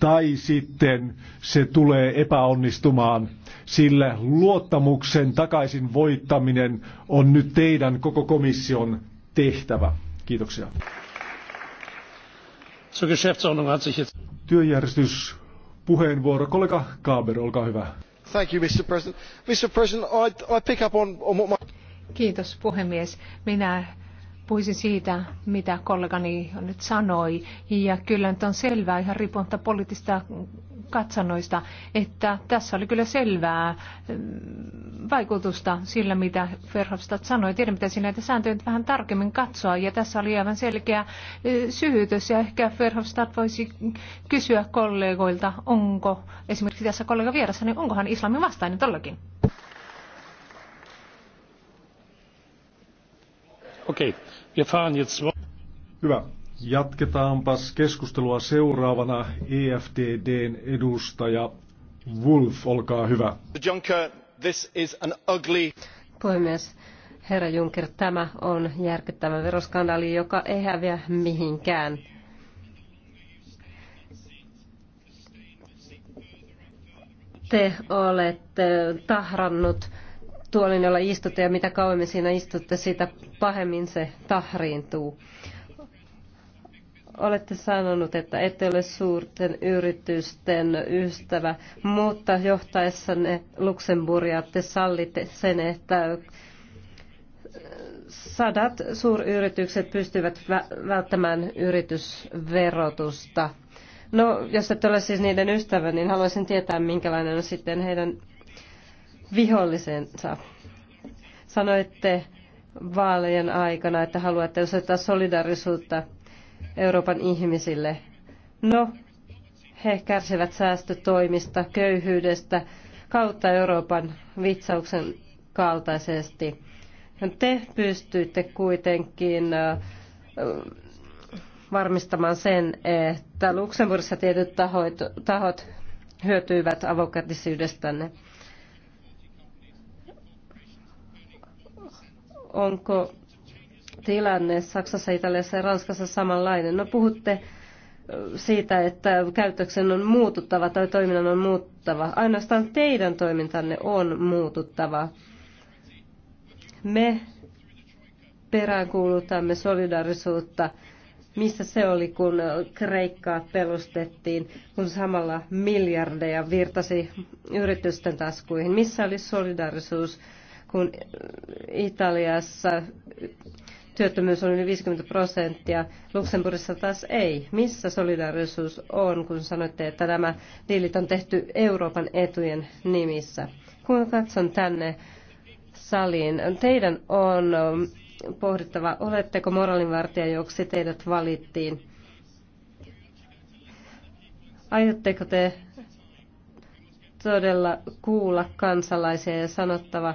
tai sitten se tulee epäonnistumaan, sillä luottamuksen takaisin voittaminen on nyt teidän koko komission tehtävä. Kiitoksia. Työjärjestys, puheenvuoro. Kollega Kaaber, olkaa hyvä arvoisa kiitos puhemies minä puhuisin siitä mitä kollegani nyt sanoi ja kyllä nyt on selvää ihan riippumatta poliittisista katsannoista, että tässä oli kyllä selvää mm, vaikutusta sillä, mitä Verhofstadt sanoi. Tiedän, sinä näitä sääntöjä vähän tarkemmin katsoa, ja tässä oli aivan selkeä mm, syytös, ja ehkä Verhofstadt voisi kysyä kollegoilta, onko esimerkiksi tässä kollega vieressä, niin onkohan islamin vastainen tollakin? Okei, okay. Hyvä. Jatketaanpas keskustelua seuraavana EFTDn edustaja Wolf, olkaa hyvä. Juncker, this is an ugly... Puhemies, herra Juncker, tämä on järkyttävä veroskandaali, joka ei häviä mihinkään. Te olette tahrannut tuolin, jolla istutte ja mitä kauemmin siinä istutte, sitä pahemmin se tahriintuu. Olette sanonut, että ette ole suurten yritysten ystävä, mutta johtaessanne Luxemburgia te sallitte sen, että sadat suuryritykset pystyvät välttämään yritysverotusta. No, jos et ole siis niiden ystävä, niin haluaisin tietää, minkälainen on sitten heidän vihollisensa. Sanoitte vaalien aikana, että haluatte osoittaa solidarisuutta Euroopan ihmisille. No, he kärsivät säästötoimista, köyhyydestä kautta Euroopan vitsauksen kaltaisesti. Te pystyitte kuitenkin varmistamaan sen, että Luxemburgissa tietyt tahot, tahot hyötyivät avokätisyydestänne. Onko tilanne Saksassa, Italiassa ja Ranskassa samanlainen. No puhutte siitä, että käytöksen on muututtava tai toiminnan on muuttava. Ainoastaan teidän toimintanne on muututtava. Me peräänkuulutamme solidarisuutta. Missä se oli, kun Kreikkaa pelustettiin, kun samalla miljardeja virtasi yritysten taskuihin? Missä oli solidarisuus, kun Italiassa työttömyys on yli 50 prosenttia. Luxemburgissa taas ei. Missä solidaarisuus on, kun sanoitte, että nämä diilit on tehty Euroopan etujen nimissä? Kun katson tänne saliin, teidän on um, pohdittava, oletteko moraalinvartija, joksi teidät valittiin. Aiotteko te todella kuulla kansalaisia ja sanottava,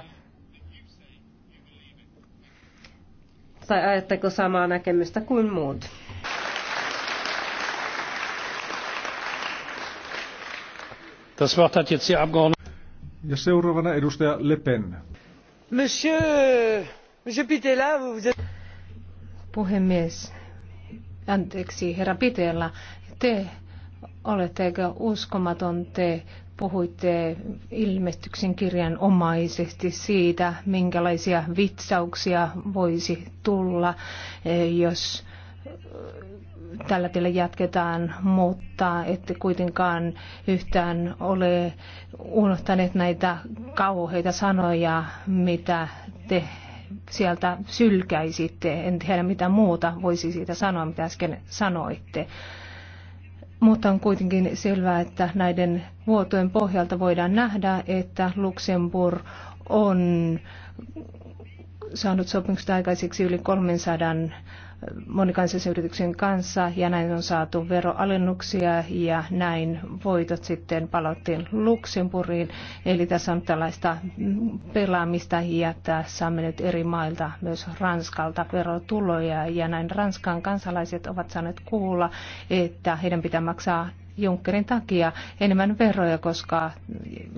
tai ajatteko samaa näkemystä kuin muut? Das Wort hat jetzt Ja seuraavana edustaja Le Pen. Monsieur, Monsieur Pitela, vous êtes... Puhemies, anteeksi herra Pitela, te oletteko uskomaton te puhuitte ilmestyksen kirjan omaisesti siitä, minkälaisia vitsauksia voisi tulla, e, jos e, tällä tiellä jatketaan, mutta ette kuitenkaan yhtään ole unohtaneet näitä kauheita sanoja, mitä te sieltä sylkäisitte. En tiedä mitä muuta voisi siitä sanoa, mitä äsken sanoitte. Mutta on kuitenkin selvää, että näiden vuotojen pohjalta voidaan nähdä, että Luxemburg on saanut sopimuksesta aikaiseksi yli 300 monikansallisen yrityksen kanssa ja näin on saatu veroalennuksia ja näin voitot sitten palautettiin Luxemburgiin. Eli tässä on tällaista pelaamista ja tässä on mennyt eri mailta myös Ranskalta verotuloja ja näin Ranskan kansalaiset ovat saaneet kuulla, että heidän pitää maksaa Junckerin takia enemmän veroja, koska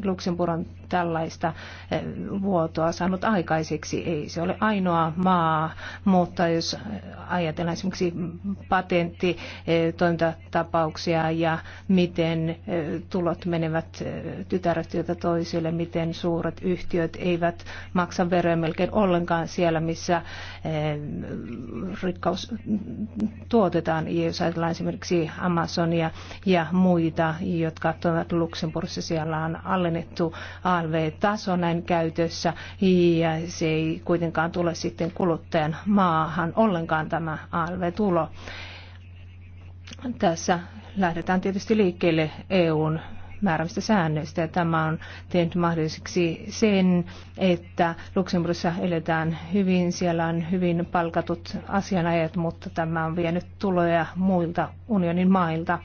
Luxemburg on tällaista eh, vuotoa saanut aikaiseksi. Ei se ole ainoa maa, mutta jos ajatellaan esimerkiksi patenttitoimintatapauksia eh, ja miten eh, tulot menevät tytäryhtiötä toisille, miten suuret yhtiöt eivät maksa veroja melkein ollenkaan siellä, missä rikkaus tuotetaan. jos ajatellaan esimerkiksi Amazonia ja muita, jotka ovat Luxemburgissa. Siellä on alennettu ALV-taso näin käytössä ja se ei kuitenkaan tule sitten kuluttajan maahan ollenkaan tämä ALV-tulo. Tässä lähdetään tietysti liikkeelle EUn määrämistä säännöistä. Ja tämä on tehnyt mahdolliseksi sen, että Luxemburgissa eletään hyvin, siellä on hyvin palkatut asianajat, mutta tämä on vienyt tuloja muilta unionin mailta.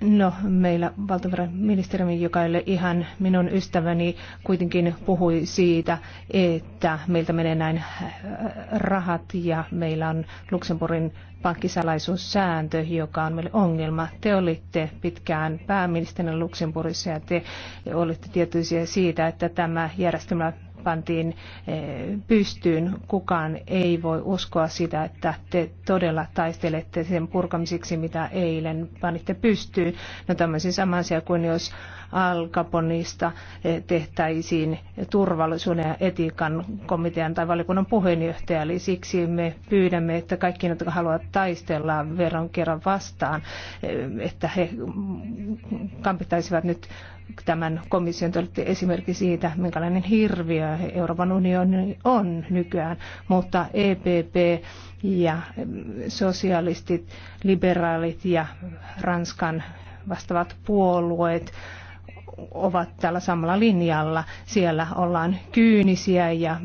No, meillä valtiovarainministeriömi, joka ei ole ihan minun ystäväni, kuitenkin puhui siitä, että meiltä menee näin äh, rahat ja meillä on Luxemburgin pankkisalaisuussääntö, joka on meille ongelma. Te olitte pitkään pääministerinä Luxemburgissa ja te olitte tietoisia siitä, että tämä järjestelmä pantiin eh, pystyyn. Kukaan ei voi uskoa sitä, että te todella taistelette sen purkamiseksi, mitä eilen panitte pystyyn. No tämmöisen sama asia kuin jos Alkaponista eh, tehtäisiin turvallisuuden ja etiikan komitean tai valiokunnan puheenjohtaja. Eli siksi me pyydämme, että kaikki ne, jotka haluavat taistella veronkerran vastaan, eh, että he kampittaisivat nyt tämän komission todettiin esimerkki siitä, minkälainen hirviö Euroopan unioni on nykyään, mutta EPP ja eh, sosialistit, liberaalit ja Ranskan vastaavat puolueet ovat tällä samalla linjalla. Siellä ollaan kyynisiä ja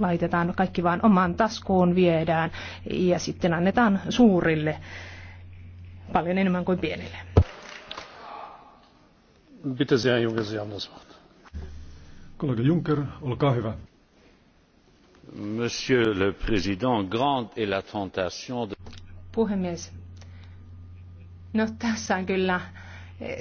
laitetaan kaikki vaan omaan taskuun, viedään ja sitten annetaan suurille paljon enemmän kuin pienille. Bitte sehr, Kollega Juncker, olkaa hyvä. Monsieur le Président, grande est la tentation de... Puhemies, no tässä on kyllä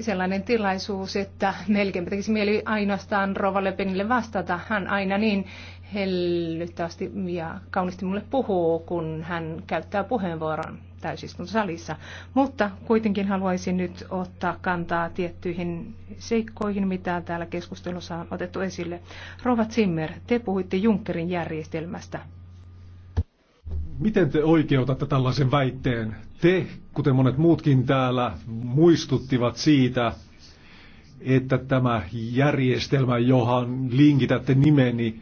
sellainen tilaisuus, että melkein pitäisi mieli ainoastaan Rova Lepenille vastata. Hän aina niin hellyttävästi ja kauniisti mulle puhuu, kun hän käyttää puheenvuoron täysistuntosalissa. Mutta kuitenkin haluaisin nyt ottaa kantaa tiettyihin seikkoihin, mitä täällä keskustelussa on otettu esille. Rova Zimmer, te puhuitte Junckerin järjestelmästä. Miten te oikeutatte tällaisen väitteen? Te, kuten monet muutkin täällä, muistuttivat siitä, että tämä järjestelmä, johon linkitätte nimeni,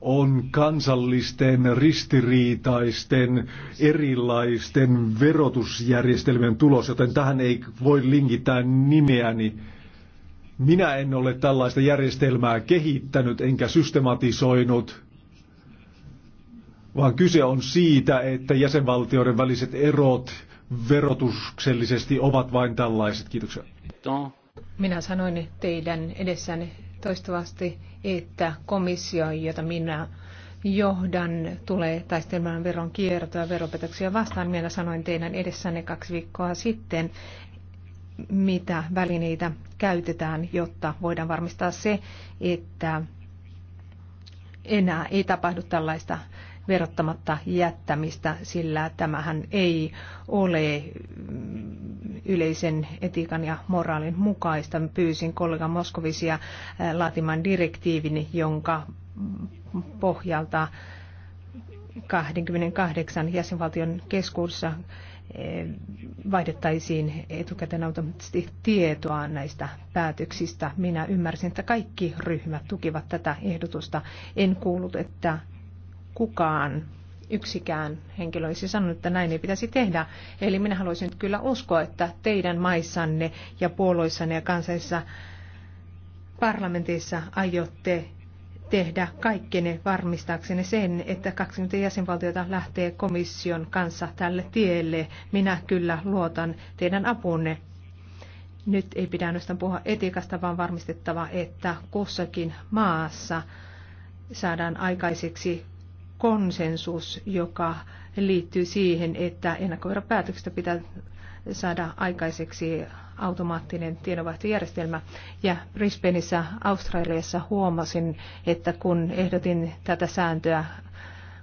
on kansallisten ristiriitaisten erilaisten verotusjärjestelmien tulos, joten tähän ei voi linkittää nimeäni. Minä en ole tällaista järjestelmää kehittänyt enkä systematisoinut vaan kyse on siitä, että jäsenvaltioiden väliset erot verotuksellisesti ovat vain tällaiset. Kiitoksia. Minä sanoin teidän edessänne toistuvasti, että komissio, jota minä johdan, tulee taistelemaan veron kiertoa veropetoksia vastaan. Minä sanoin teidän edessänne kaksi viikkoa sitten, mitä välineitä käytetään, jotta voidaan varmistaa se, että enää ei tapahdu tällaista verottamatta jättämistä, sillä tämähän ei ole mm, yleisen etiikan ja moraalin mukaista. Pyysin kollega Moskovisia laatimaan direktiivin, jonka pohjalta 28 jäsenvaltion keskuudessa vaihdettaisiin etukäteen automaattisesti tietoa näistä päätöksistä. Minä ymmärsin, että kaikki ryhmät tukivat tätä ehdotusta. En kuullut, että kukaan yksikään henkilö olisi sanonut, että näin ei pitäisi tehdä. Eli minä haluaisin nyt kyllä uskoa, että teidän maissanne ja puolueissanne ja kansallisissa parlamenteissa aiotte tehdä kaikkene varmistaakseni sen, että 20 jäsenvaltiota lähtee komission kanssa tälle tielle. Minä kyllä luotan teidän apunne. Nyt ei pidä ainoastaan puhua etiikasta, vaan varmistettava, että kussakin maassa saadaan aikaiseksi konsensus, joka liittyy siihen, että ennakkoveropäätöksestä pitää saada aikaiseksi automaattinen tiedonvaihtojärjestelmä. Ja Brisbaneissa Australiassa huomasin, että kun ehdotin tätä sääntöä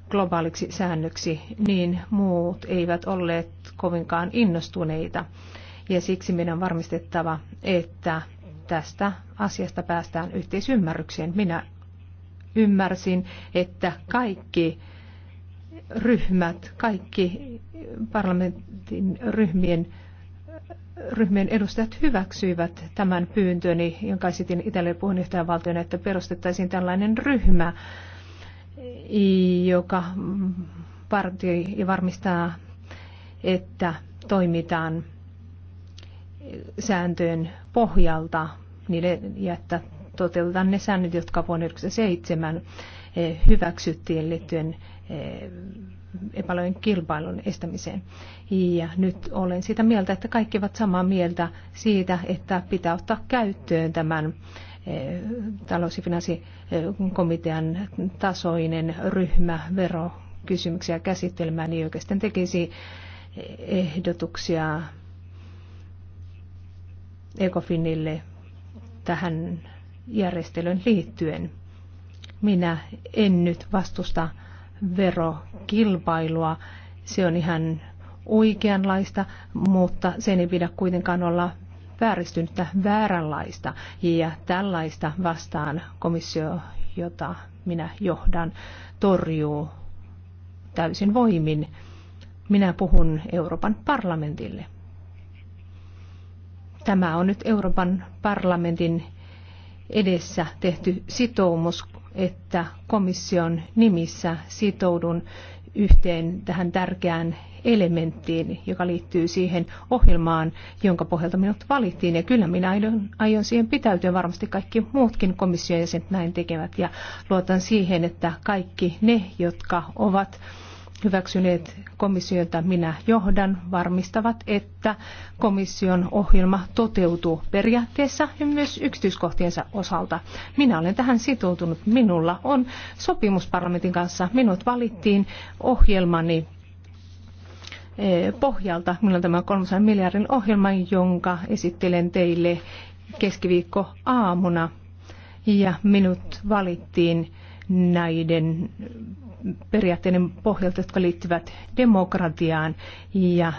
globaaliksi säännöksi, niin muut eivät olleet kovinkaan innostuneita. Ja siksi meidän on varmistettava, että tästä asiasta päästään yhteisymmärrykseen. Minä ymmärsin, että kaikki ryhmät, kaikki parlamentin ryhmien ryhmien edustajat hyväksyivät tämän pyyntöni, jonka esitin Italian puheenjohtajavaltion, että perustettaisiin tällainen ryhmä, joka partioi ja varmistaa, että toimitaan sääntöjen pohjalta niille, ja että toteutetaan ne säännöt, jotka vuonna 1997 eh, hyväksyttiin liittyen eh, epäilyjen kilpailun estämiseen. Ja nyt olen sitä mieltä, että kaikki ovat samaa mieltä siitä, että pitää ottaa käyttöön tämän eh, talous- ja finanssikomitean tasoinen ryhmä verokysymyksiä käsittelemään, niin oikeastaan tekisi ehdotuksia ECOFINille tähän järjestelyyn liittyen. Minä en nyt vastusta verokilpailua. Se on ihan oikeanlaista, mutta sen ei pidä kuitenkaan olla vääristynyttä vääränlaista. Ja tällaista vastaan komissio, jota minä johdan, torjuu täysin voimin. Minä puhun Euroopan parlamentille. Tämä on nyt Euroopan parlamentin edessä tehty sitoumus, että komission nimissä sitoudun yhteen tähän tärkeään elementtiin, joka liittyy siihen ohjelmaan, jonka pohjalta minut valittiin. Ja kyllä minä aion, aion siihen pitäytyä. Varmasti kaikki muutkin komission jäsenet näin tekevät. Ja luotan siihen, että kaikki ne, jotka ovat hyväksyneet komissiota minä johdan, varmistavat, että komission ohjelma toteutuu periaatteessa ja myös yksityiskohtiensa osalta. Minä olen tähän sitoutunut. Minulla on sopimus parlamentin kanssa. Minut valittiin ohjelmani eh, pohjalta. Minulla on tämä 300 miljardin ohjelma, jonka esittelen teille keskiviikko aamuna. Ja minut valittiin näiden periaatteiden pohjalta, jotka liittyvät demokratiaan. Ja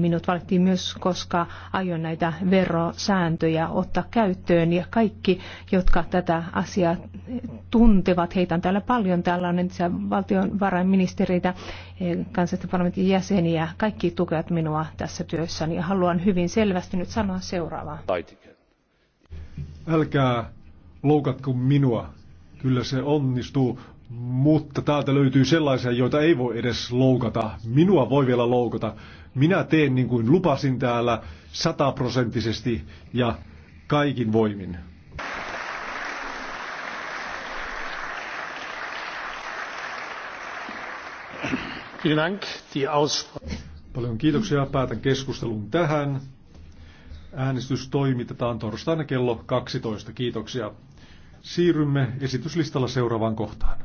minut valittiin myös, koska aion näitä verosääntöjä ottaa käyttöön. Ja kaikki, jotka tätä asiaa tuntevat, heitä on täällä paljon. Täällä on entisiä valtionvarainministeriitä, kansallisten parlamentin jäseniä. Kaikki tukevat minua tässä työssäni. Ja haluan hyvin selvästi nyt sanoa seuraavaa. Älkää loukatko minua Kyllä se onnistuu, mutta täältä löytyy sellaisia, joita ei voi edes loukata. Minua voi vielä loukata. Minä teen niin kuin lupasin täällä sataprosenttisesti ja kaikin voimin. Paljon kiitoksia. Päätän keskustelun tähän. Äänestys toimitetaan torstaina kello 12. Kiitoksia. Siirrymme esityslistalla seuraavaan kohtaan.